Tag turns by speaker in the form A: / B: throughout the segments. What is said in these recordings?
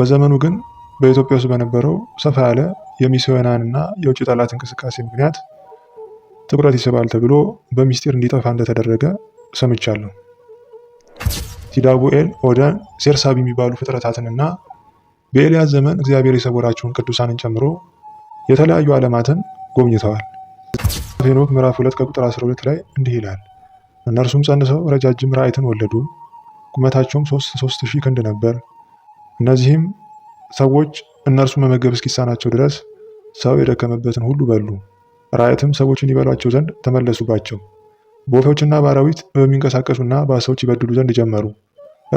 A: በዘመኑ ግን በኢትዮጵያ ውስጥ በነበረው ሰፋ ያለ የሚስዮናንና የውጭ ጠላት እንቅስቃሴ ምክንያት ትኩረት ይስባል ተብሎ በሚስጢር እንዲጠፋ እንደተደረገ ሰምቻለሁ። ቲዳቡኤል ኦደን፣ ሴርሳብ የሚባሉ ፍጥረታትንና በኤልያስ ዘመን እግዚአብሔር የሰወራቸውን ቅዱሳንን ጨምሮ የተለያዩ ዓለማትን ጎብኝተዋል። ሄኖክ ምዕራፍ 2 ከቁጥር 12 ላይ እንዲህ ይላል፣ እነርሱም ጸንሰው ረጃጅም ራእይትን ወለዱ፣ ቁመታቸውም 3 ሶስት ሺህ ክንድ ነበር እነዚህም ሰዎች እነርሱ መመገብ እስኪሳናቸው ድረስ ሰው የደከመበትን ሁሉ በሉ። ራእትም ሰዎችን ይበሏቸው ዘንድ ተመለሱባቸው። በወፎችና በአራዊት በሚንቀሳቀሱና በአሳዎች ይበድሉ ዘንድ ጀመሩ።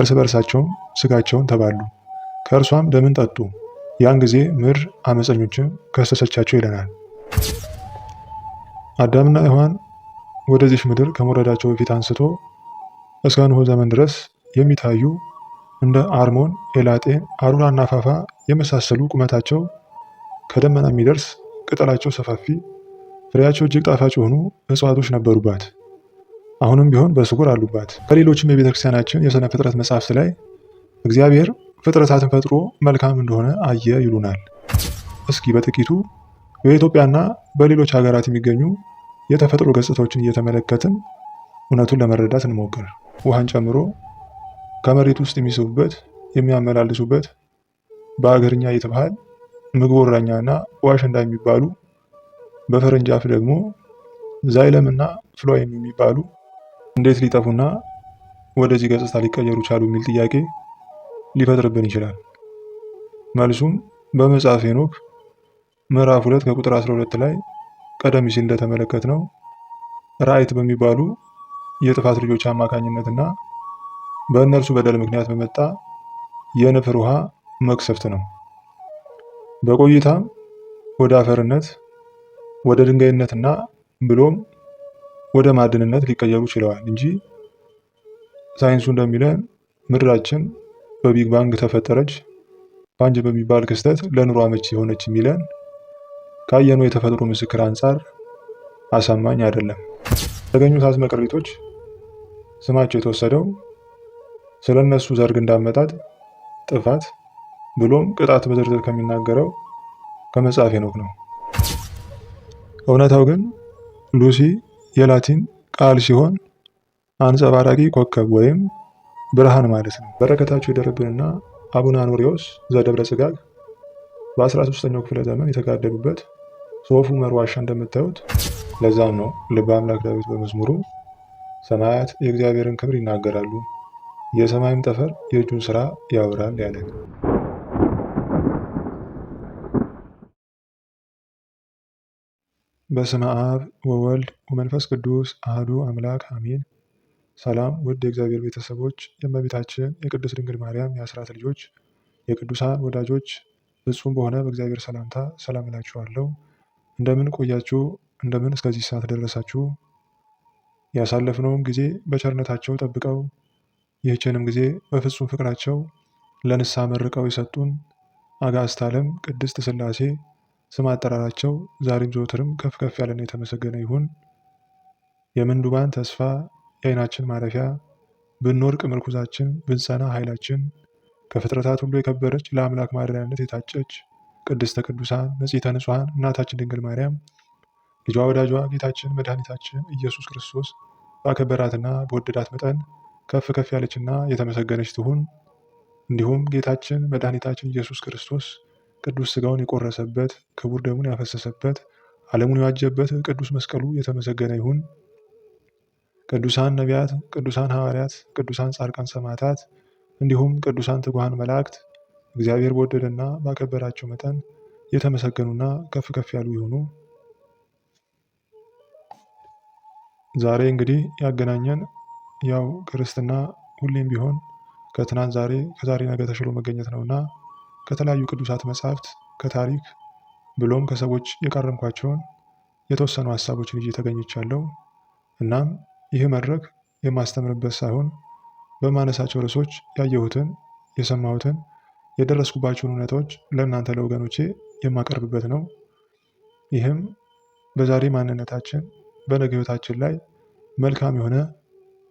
A: እርስ በርሳቸውም ስጋቸውን ተባሉ፣ ከእርሷም ደምን ጠጡ። ያን ጊዜ ምድር አመፀኞችን ከሰሰቻቸው ይለናል። አዳምና ሔዋን ወደዚች ምድር ከመውረዳቸው በፊት አንስቶ እስከ ኖህ ዘመን ድረስ የሚታዩ እንደ አርሞን፣ ኤላጤን፣ አሩራ እና ፋፋ የመሳሰሉ ቁመታቸው ከደመና የሚደርስ ቅጠላቸው ሰፋፊ ፍሬያቸው እጅግ ጣፋጭ የሆኑ እጽዋቶች ነበሩባት። አሁንም ቢሆን በስጉር አሉባት። ከሌሎችም የቤተክርስቲያናችን የሥነ ፍጥረት መጻሕፍት ላይ እግዚአብሔር ፍጥረታትን ፈጥሮ መልካም እንደሆነ አየ ይሉናል። እስኪ በጥቂቱ በኢትዮጵያና በሌሎች ሀገራት የሚገኙ የተፈጥሮ ገጽታዎችን እየተመለከትን እውነቱን ለመረዳት እንሞክር። ውሃን ጨምሮ ከመሬት ውስጥ የሚስቡበት የሚያመላልሱበት በሀገርኛ የተባህል ምግብ ወራኛ እና ዋሽንዳ የሚባሉ በፈረንጅ አፍ ደግሞ ዛይለም እና ፍሎይም የሚባሉ እንዴት ሊጠፉና ወደዚህ ገጽታ ሊቀየሩ ቻሉ የሚል ጥያቄ ሊፈጥርብን ይችላል። መልሱም በመጽሐፍ ሄኖክ ምዕራፍ ሁለት ከቁጥር 12 ላይ ቀደም ሲል ነው። ራይት በሚባሉ የጥፋት ልጆች አማካኝነትና በእነርሱ በደል ምክንያት በመጣ የንፍር ውሃ መቅሰፍት ነው። በቆይታም ወደ አፈርነት፣ ወደ ድንጋይነትና ብሎም ወደ ማዕድንነት ሊቀየሩ ችለዋል እንጂ ሳይንሱ እንደሚለን ምድራችን በቢግ ባንግ ተፈጠረች ባንጅ በሚባል ክስተት ለኑሮ አመች የሆነች የሚለን ካየነው የተፈጥሮ ምስክር አንጻር አሳማኝ አይደለም። የተገኙት አስመ ቅሪቶች ስማቸው የተወሰደው ስለ እነሱ ዘርግ እንዳመጣጥ ጥፋት ብሎም ቅጣት በዝርዝር ከሚናገረው ከመጽሐፍ ሄኖክ ነው። እውነታው ግን ሉሲ የላቲን ቃል ሲሆን አንጸባራቂ ኮከብ ወይም ብርሃን ማለት ነው። በረከታቸው ይደርብንና አቡነ አኖሪዎስ ዘደብረ ጽጋግ በ13ኛው ክፍለ ዘመን የተጋደሉበት ሶፉ መርዋሻ እንደምታዩት ለዛም ነው ልበ አምላክ ዳዊት በመዝሙሩ ሰማያት የእግዚአብሔርን ክብር ይናገራሉ የሰማይም ጠፈር የእጁን ስራ ያወራል ያለ
B: በስመ አብ ወወልድ ወመንፈስ ቅዱስ አህዱ አምላክ አሜን። ሰላም ውድ የእግዚአብሔር ቤተሰቦች፣ የእመቤታችን የቅድስት ድንግል ማርያም የአስራት ልጆች፣ የቅዱሳን ወዳጆች ፍጹም በሆነ በእግዚአብሔር ሰላምታ ሰላም እላችኋለሁ። እንደምን ቆያችሁ? እንደምን እስከዚህ ሰዓት ደረሳችሁ? ያሳለፍነውን ጊዜ በቸርነታቸው ጠብቀው ይህችንም ጊዜ በፍጹም ፍቅራቸው ለንስሐ መርቀው የሰጡን አጋዕዝተ ዓለም ቅድስት ሥላሴ ስም አጠራራቸው ዛሬም ዘወትርም ከፍ ከፍ ያለና የተመሰገነ ይሁን። የምንዱባን ተስፋ፣ የዓይናችን ማረፊያ፣ ብንወድቅ ምርኩዛችን፣ ብንጸና ኃይላችን፣ ከፍጥረታት ሁሉ የከበረች ለአምላክ ማደሪያነት የታጨች ቅድስተ ቅዱሳን ንጽሕተ ንጹሐን እናታችን ድንግል ማርያም ልጇ ወዳጇ ጌታችን መድኃኒታችን ኢየሱስ ክርስቶስ ባከበራትና በወደዳት መጠን ከፍ ከፍ ያለችና የተመሰገነች ትሁን። እንዲሁም ጌታችን መድኃኒታችን ኢየሱስ ክርስቶስ ቅዱስ ስጋውን የቆረሰበት ክቡር ደሙን ያፈሰሰበት ዓለሙን የዋጀበት ቅዱስ መስቀሉ የተመሰገነ ይሁን። ቅዱሳን ነቢያት፣ ቅዱሳን ሐዋርያት፣ ቅዱሳን ጻድቃን ሰማዕታት፣ እንዲሁም ቅዱሳን ትጉሃን መላእክት እግዚአብሔር በወደደና ባከበራቸው መጠን የተመሰገኑና ከፍ ከፍ ያሉ ይሁኑ። ዛሬ እንግዲህ ያገናኘን ያው ክርስትና ሁሌም ቢሆን ከትናንት ዛሬ ከዛሬ ነገ ተሽሎ መገኘት ነውና ከተለያዩ ቅዱሳት መጻሕፍት ከታሪክ ብሎም ከሰዎች የቀረምኳቸውን የተወሰኑ ሀሳቦችን ይዤ ተገኝቻለሁ። እናም ይህ መድረክ የማስተምርበት ሳይሆን በማነሳቸው ርዕሶች ያየሁትን፣ የሰማሁትን፣ የደረስኩባቸውን እውነታዎች ለእናንተ ለወገኖቼ የማቀርብበት ነው። ይህም በዛሬ ማንነታችን፣ በነገ ህይወታችን ላይ መልካም የሆነ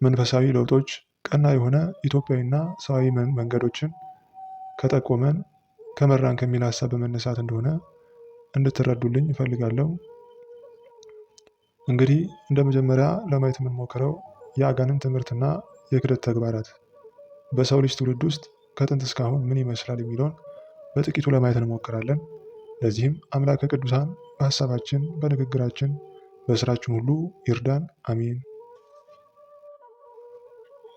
B: መንፈሳዊ ለውጦች ቀና የሆነ ኢትዮጵያዊና ሰዋዊ መንገዶችን ከጠቆመን ከመራን ከሚል ሀሳብ በመነሳት እንደሆነ እንድትረዱልኝ እፈልጋለሁ። እንግዲህ እንደ መጀመሪያ ለማየት የምንሞክረው የአጋንንት ትምህርትና የክደት ተግባራት በሰው ልጅ ትውልድ ውስጥ ከጥንት እስካሁን ምን ይመስላል የሚለውን በጥቂቱ ለማየት እንሞክራለን። ለዚህም አምላከ ቅዱሳን በሀሳባችን፣ በንግግራችን፣ በስራችን ሁሉ ይርዳን። አሚን።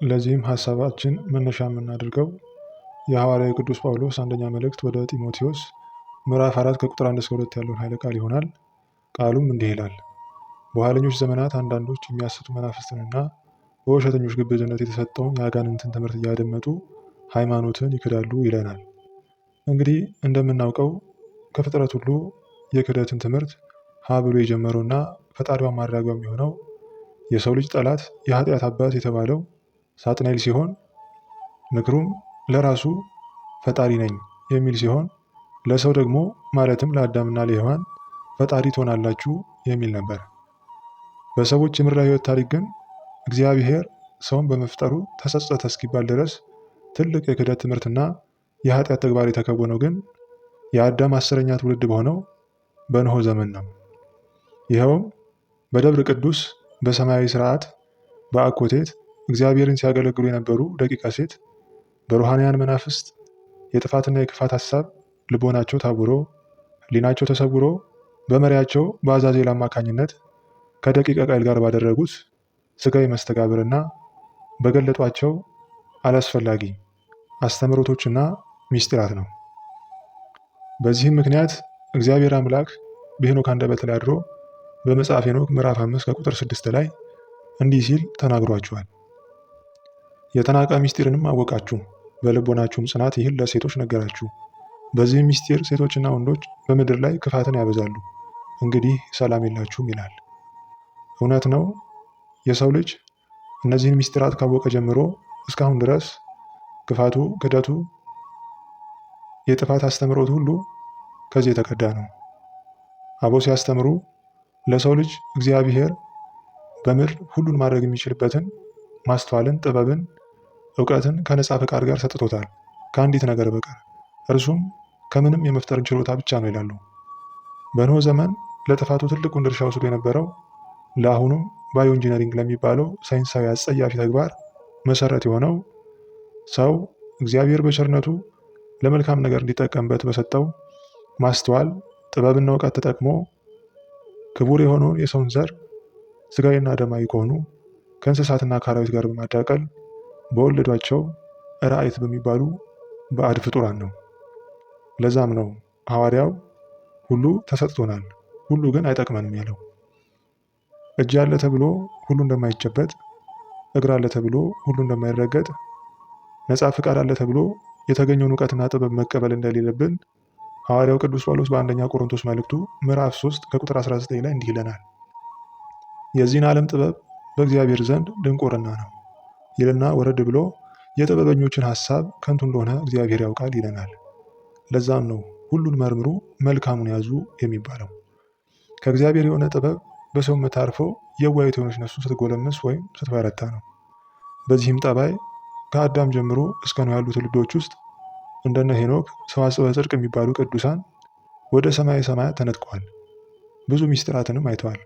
B: ለዚህም ሀሳባችን መነሻ የምናደርገው የሐዋርያ ቅዱስ ጳውሎስ አንደኛ መልእክት ወደ ጢሞቴዎስ ምዕራፍ አራት ከቁጥር አንድ እስከ ሁለት ያለውን ኃይለ ቃል ይሆናል። ቃሉም እንዲህ ይላል። በኋለኞች ዘመናት አንዳንዶች የሚያስቱ መናፍስትንና በውሸተኞች ግብዝነት የተሰጠውን የአጋንንትን ትምህርት እያደመጡ ሃይማኖትን ይክዳሉ ይለናል። እንግዲህ እንደምናውቀው ከፍጥረት ሁሉ የክደትን ትምህርት ሀ ብሎ የጀመረውና ፈጣሪዋን ማድረጊያው የሚሆነው የሰው ልጅ ጠላት የኃጢአት አባት የተባለው ሳጥናኤል ሲሆን ምክሩም ለራሱ ፈጣሪ ነኝ የሚል ሲሆን ለሰው ደግሞ ማለትም ለአዳምና ለሔዋን ፈጣሪ ትሆናላችሁ የሚል ነበር። በሰዎች የምድራዊ ሕይወት ታሪክ ግን እግዚአብሔር ሰውን በመፍጠሩ ተጸጸተ እስኪባል ድረስ ትልቅ የክህደት ትምህርትና የኃጢአት ተግባር የተከወነው ግን የአዳም አስረኛ ትውልድ በሆነው በንሆ ዘመን ነው። ይኸውም በደብረ ቅዱስ በሰማያዊ ስርዓት በአኮቴት እግዚአብሔርን ሲያገለግሉ የነበሩ ደቂቃ ሴት በሩሃንያን መናፍስት የጥፋትና የክፋት ሀሳብ ልቦናቸው ታውሮ ሊናቸው ተሰውሮ በመሪያቸው በአዛዜል አማካኝነት ከደቂቀ ቃይል ጋር ባደረጉት ስጋዊ መስተጋብርና በገለጧቸው አላስፈላጊ አስተምሮቶችና ሚስጢራት ነው። በዚህም ምክንያት እግዚአብሔር አምላክ በሄኖክ አንደበት ላይ አድሮ በመጽሐፍ ሄኖክ ምዕራፍ 5 ከቁጥር 6 ላይ እንዲህ ሲል ተናግሯቸዋል። የተናቀ ምስጢርንም አወቃችሁ፣ በልቦናችሁም ጽናት ይህን ለሴቶች ነገራችሁ። በዚህም ምስጢር ሴቶችና ወንዶች በምድር ላይ ክፋትን ያበዛሉ፣ እንግዲህ ሰላም የላችሁም ይላል። እውነት ነው። የሰው ልጅ እነዚህን ምስጢራት ካወቀ ጀምሮ እስካሁን ድረስ ክፋቱ፣ ክደቱ፣ የጥፋት አስተምሮት ሁሉ ከዚህ የተቀዳ ነው። አቦ ሲያስተምሩ ለሰው ልጅ እግዚአብሔር በምድር ሁሉን ማድረግ የሚችልበትን ማስተዋልን፣ ጥበብን እውቀትን ከነፃ ፈቃድ ጋር ሰጥቶታል፣ ከአንዲት ነገር በቀር እርሱም ከምንም የመፍጠርን ችሎታ ብቻ ነው ይላሉ። በኖህ ዘመን ለጥፋቱ ትልቁን ድርሻ ወስዶ የነበረው ለአሁኑም ባዮ ኢንጂነሪንግ ለሚባለው ሳይንሳዊ አጸያፊ ተግባር መሰረት የሆነው ሰው እግዚአብሔር በቸርነቱ ለመልካም ነገር እንዲጠቀምበት በሰጠው ማስተዋል ጥበብና እውቀት ተጠቅሞ ክቡር የሆነውን የሰውን ዘር ስጋዊና ደማዊ ከሆኑ ከእንስሳትና ከአራዊት ጋር በማዳቀል በወለዷቸው ራእይት በሚባሉ ባዕድ ፍጡራን ነው። ለዛም ነው ሐዋርያው ሁሉ ተሰጥቶናል፣ ሁሉ ግን አይጠቅመንም ያለው። እጅ አለ ተብሎ ሁሉ እንደማይጨበጥ፣ እግር አለ ተብሎ ሁሉ እንደማይረገጥ፣ ነፃ ፍቃድ አለ ተብሎ የተገኘውን እውቀትና ጥበብ መቀበል እንደሌለብን ሐዋርያው ቅዱስ ጳውሎስ በአንደኛ ቆሮንቶስ መልእክቱ ምዕራፍ 3 ከቁጥር 19 ላይ እንዲህ ይለናል። የዚህን ዓለም ጥበብ በእግዚአብሔር ዘንድ ድንቁርና ነው። ይልና ወረድ ብሎ የጥበበኞችን ሐሳብ ከንቱ እንደሆነ እግዚአብሔር ያውቃል ይለናል። ለዛም ነው ሁሉን መርምሩ መልካሙን ያዙ የሚባለው። ከእግዚአብሔር የሆነ ጥበብ በሰው መታርፎ የዋይት የሆነች ነፍሱ ስትጎለምስ ወይም ስትበረታ ነው። በዚህም ጠባይ ከአዳም ጀምሮ እስከ ኖህ ያሉ ትውልዶች ውስጥ እንደነ ሄኖክ ሰዋስወ ጽድቅ የሚባሉ ቅዱሳን ወደ ሰማይ ሰማያት ተነጥቀዋል። ብዙ ሚስጥራትንም አይተዋል።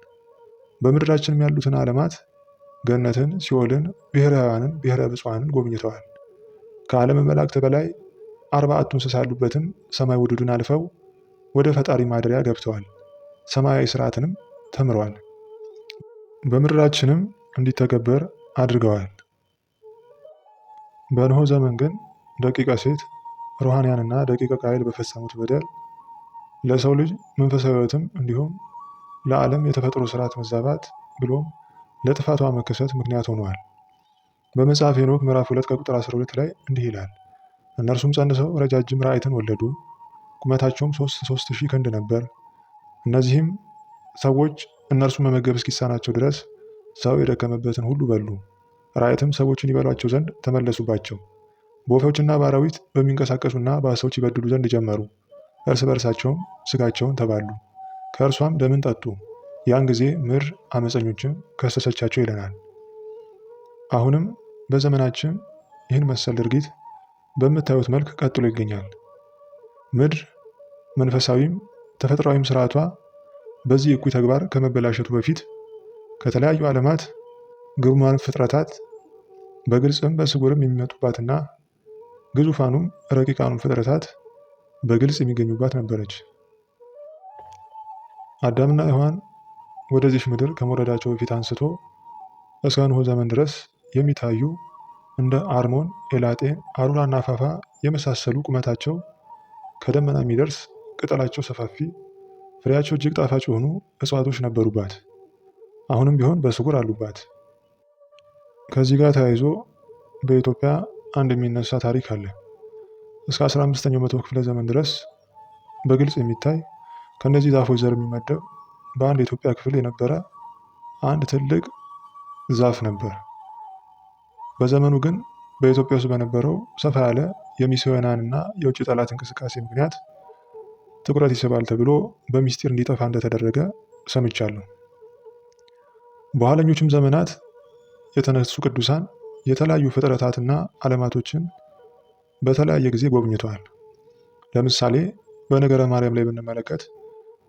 B: በምድራችንም ያሉትን ዓለማት ገነትን፣ ሲኦልን፣ ብሔራውያንን፣ ብሔረ ብፁዓንን ጎብኝተዋል። ከዓለም መላእክት በላይ አርባዕቱ እንስሳ ያሉበትን ሰማይ ውዱዱን አልፈው ወደ ፈጣሪ ማደሪያ ገብተዋል። ሰማያዊ ስርዓትንም ተምረዋል። በምድራችንም እንዲተገበር አድርገዋል። በንሆ ዘመን ግን ደቂቀ ሴት ሩሃንያንና ደቂቀ ቃይል በፈጸሙት በደል ለሰው ልጅ መንፈሳዊ ሕይወትም እንዲሁም ለዓለም የተፈጥሮ ስርዓት መዛባት ብሎም ለጥፋቷ መከሰት ምክንያት ሆነዋል። በመጽሐፍ ሄኖክ ምዕራፍ 2 ከቁጥር 12 ላይ እንዲህ ይላል፣ እነርሱም ጸንሰው ረጃጅም ራእይትን ወለዱ፣ ቁመታቸውም ሶስት ሶስት ሺህ ክንድ ነበር። እነዚህም ሰዎች እነርሱን መመገብ እስኪሳናቸው ድረስ ሰው የደከመበትን ሁሉ በሉ። ራእይትም ሰዎችን ይበሏቸው ዘንድ ተመለሱባቸው። በወፎችና በአራዊት በሚንቀሳቀሱና በአሳዎች ይበድሉ ዘንድ ጀመሩ። እርስ በርሳቸውም ስጋቸውን ተባሉ፣ ከእርሷም ደምን ጠጡ። ያን ጊዜ ምድር አመፀኞችም ከሰሰቻቸው ይለናል። አሁንም በዘመናችን ይህን መሰል ድርጊት በምታዩት መልክ ቀጥሎ ይገኛል። ምድር መንፈሳዊም ተፈጥሯዊም ስርዓቷ በዚህ እኩይ ተግባር ከመበላሸቱ በፊት ከተለያዩ ዓለማት ግርማን ፍጥረታት በግልጽም በስጉርም የሚመጡባትና ግዙፋኑም ረቂቃኑም ፍጥረታት በግልጽ የሚገኙባት ነበረች። አዳምና ሔዋን ወደዚች ምድር ከመውረዳቸው በፊት አንስቶ እስከ ኖህ ዘመን ድረስ የሚታዩ እንደ አርሞን፣ ኤላጤ፣ እና አፋፋ የመሳሰሉ ቁመታቸው ከደመና የሚደርስ ቅጠላቸው ሰፋፊ ፍሬያቸው እጅግ ጣፋጭ የሆኑ እጽዋቶች ነበሩባት። አሁንም ቢሆን በስጉር አሉባት። ከዚህ ጋር ተያይዞ በኢትዮጵያ አንድ የሚነሳ ታሪክ አለ። እስከ 15ኛው መቶ ክፍለ ዘመን ድረስ በግልጽ የሚታይ ከእነዚህ ዛፎች ዘር የሚመደብ በአንድ የኢትዮጵያ ክፍል የነበረ አንድ ትልቅ ዛፍ ነበር። በዘመኑ ግን በኢትዮጵያ ውስጥ በነበረው ሰፋ ያለ የሚስዮናን እና የውጭ ጠላት እንቅስቃሴ ምክንያት ትኩረት ይስባል ተብሎ በሚስጢር እንዲጠፋ እንደተደረገ ሰምቻለሁ። በኋለኞችም ዘመናት የተነሱ ቅዱሳን የተለያዩ ፍጥረታትና ዓለማቶችን በተለያየ ጊዜ ጎብኝተዋል። ለምሳሌ በነገረ ማርያም ላይ ብንመለከት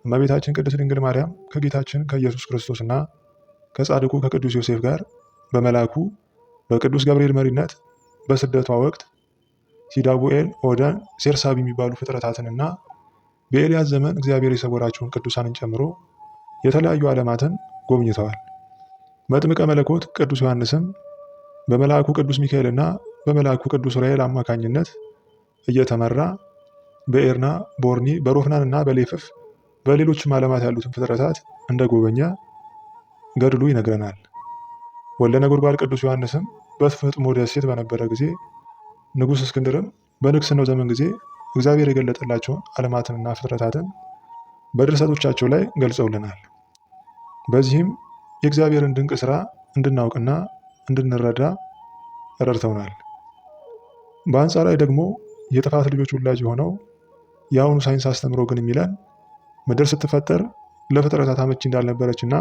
B: እመቤታችን ቅድስት ድንግል ማርያም ከጌታችን ከኢየሱስ ክርስቶስና ከጻድቁ ከቅዱስ ዮሴፍ ጋር በመላኩ በቅዱስ ገብርኤል መሪነት በስደቷ ወቅት ሲዳቡኤል፣ ኦደን፣ ሴርሳብ የሚባሉ ፍጥረታትንና በኤልያስ ዘመን እግዚአብሔር የሰወራቸውን ቅዱሳንን ጨምሮ የተለያዩ ዓለማትን ጎብኝተዋል። መጥምቀ መለኮት ቅዱስ ዮሐንስም በመልአኩ ቅዱስ ሚካኤልና በመልአኩ ቅዱስ ራኤል አማካኝነት እየተመራ በኤርና ቦርኒ በሮፍናንና በሌፍፍ በሌሎችም ዓለማት ያሉትን ፍጥረታት እንደ ጎበኛ ገድሉ ይነግረናል። ወልደ ነጎድጓድ ቅዱስ ዮሐንስም በፍጥሞ ደሴት በነበረ ጊዜ ንጉሥ እስክንድርም በንግስናው ዘመን ጊዜ እግዚአብሔር የገለጠላቸውን ዓለማትንና ፍጥረታትን በድርሰቶቻቸው ላይ ገልጸውልናል። በዚህም የእግዚአብሔርን ድንቅ ስራ እንድናውቅና እንድንረዳ ረድተውናል። በአንጻራዊ ደግሞ የጥፋት ልጆች ውላጅ የሆነው የአሁኑ ሳይንስ አስተምሮ ግን የሚለን ምድር ስትፈጠር ለፍጥረታት አመቺ እንዳልነበረች እና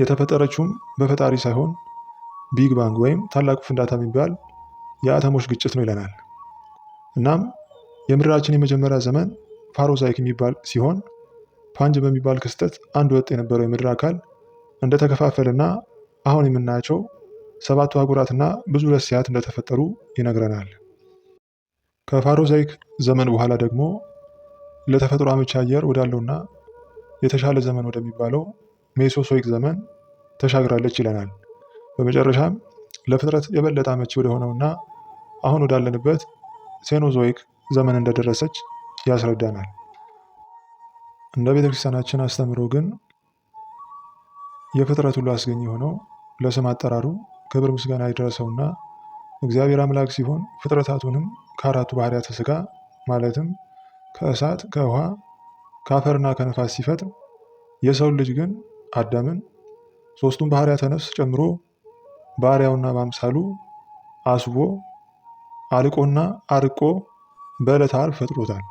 B: የተፈጠረችውም በፈጣሪ ሳይሆን ቢግ ባንግ ወይም ታላቁ ፍንዳታ የሚባል የአተሞች ግጭት ነው ይለናል። እናም የምድራችን የመጀመሪያ ዘመን ፓሮዛይክ የሚባል ሲሆን ፓንጅ በሚባል ክስተት አንድ ወጥ የነበረው የምድር አካል እንደተከፋፈለና አሁን የምናያቸው ሰባቱ አህጉራትና ብዙ ለስያት እንደተፈጠሩ ይነግረናል። ከፓሮዛይክ ዘመን በኋላ ደግሞ ለተፈጥሮ አመቺ አየር ወዳለውና የተሻለ ዘመን ወደሚባለው ሜሶሶይክ ዘመን ተሻግራለች ይለናል። በመጨረሻም ለፍጥረት የበለጠ አመቺ ወደሆነውና አሁን ወዳለንበት ሴኖዞይክ ዘመን እንደደረሰች ያስረዳናል። እንደ ክርስቲያናችን አስተምሮ ግን የፍጥረት ሁሉ አስገኝ የሆነው ለስም አጠራሩ ክብር ምስጋና ይድረሰውና እግዚአብሔር አምላክ ሲሆን ፍጥረታቱንም ከአራቱ ባህርያተ ስጋ ማለትም ከእሳት ከውሃ ከአፈርና ከነፋስ ሲፈጥር የሰው ልጅ ግን አዳምን ሶስቱን ባህሪያ ነፍስ ጨምሮ ባህሪያውና በአምሳሉ አስቦ አልቆና አርቆ በዕለተ ዓርብ ፈጥሮታል።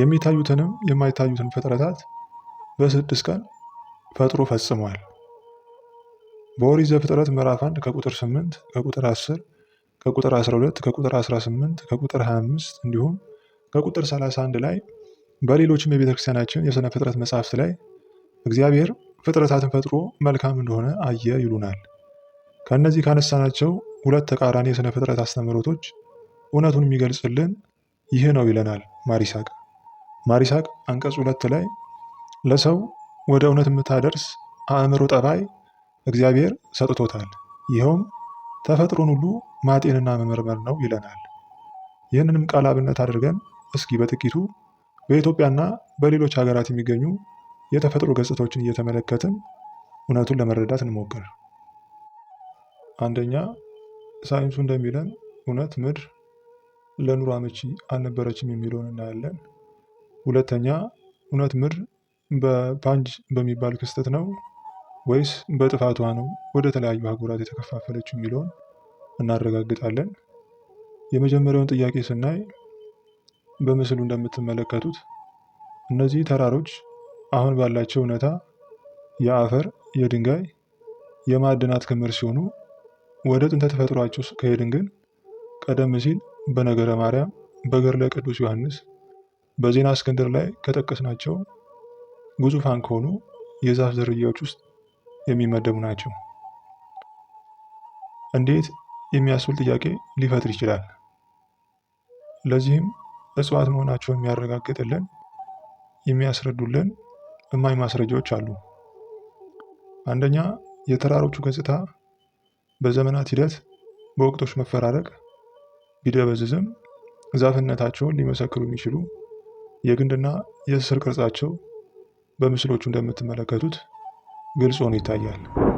B: የሚታዩትንም የማይታዩትን ፍጥረታት በስድስት ቀን ፈጥሮ ፈጽሟል። በኦሪት ዘፍጥረት ምዕራፍ 1 ከቁጥር 8 ከቁጥር 10 ከቁጥር 12 ከቁጥር 18 ከቁጥር 25 እንዲሁም ከቁጥር 31 ላይ በሌሎችም የቤተክርስቲያናችን የሥነ ፍጥረት መጽሐፍት ላይ እግዚአብሔር ፍጥረታትን ፈጥሮ መልካም እንደሆነ አየ ይሉናል። ከእነዚህ ካነሳናቸው ሁለት ተቃራኒ የሥነ ፍጥረት አስተምህሮቶች እውነቱን የሚገልጽልን ይህ ነው ይለናል ማሪሳቅ። ማሪሳቅ አንቀጽ ሁለት ላይ ለሰው ወደ እውነት የምታደርስ አእምሮ ጠባይ እግዚአብሔር ሰጥቶታል፣ ይኸውም ተፈጥሮን ሁሉ ማጤንና መመርመር ነው ይለናል። ይህንንም ቃል አብነት አድርገን እስኪ በጥቂቱ በኢትዮጵያና በሌሎች ሀገራት የሚገኙ የተፈጥሮ ገጽታዎችን እየተመለከትን እውነቱን ለመረዳት እንሞክር። አንደኛ፣ ሳይንሱ እንደሚለን እውነት ምድር ለኑሮ አመቺ አልነበረችም የሚለውን እናያለን። ሁለተኛ፣ እውነት ምድር በፓንጅ በሚባል ክስተት ነው ወይስ በጥፋቷ ነው ወደ ተለያዩ አህጉራት የተከፋፈለችው የሚለውን እናረጋግጣለን። የመጀመሪያውን ጥያቄ ስናይ በምስሉ እንደምትመለከቱት እነዚህ ተራሮች አሁን ባላቸው እውነታ የአፈር፣ የድንጋይ፣ የማዕድናት ክምር ሲሆኑ ወደ ጥንተ ተፈጥሯቸው ከሄድን ግን ቀደም ሲል በነገረ ማርያም፣ በገድለ ቅዱስ ዮሐንስ፣ በዜና እስክንድር ላይ ከጠቀስናቸው ግዙፋን ከሆኑ የዛፍ ዝርያዎች ውስጥ የሚመደቡ ናቸው። እንዴት የሚያስብል ጥያቄ ሊፈጥር ይችላል። ለዚህም እጽዋት መሆናቸውን የሚያረጋግጥልን የሚያስረዱልን እማኝ ማስረጃዎች አሉ። አንደኛ የተራሮቹ ገጽታ በዘመናት ሂደት በወቅቶች መፈራረቅ ቢደበዝዝም ዛፍነታቸውን ሊመሰክሩ የሚችሉ የግንድና የስር ቅርጻቸው በምስሎቹ እንደምትመለከቱት ግልጽ ሆኖ ይታያል።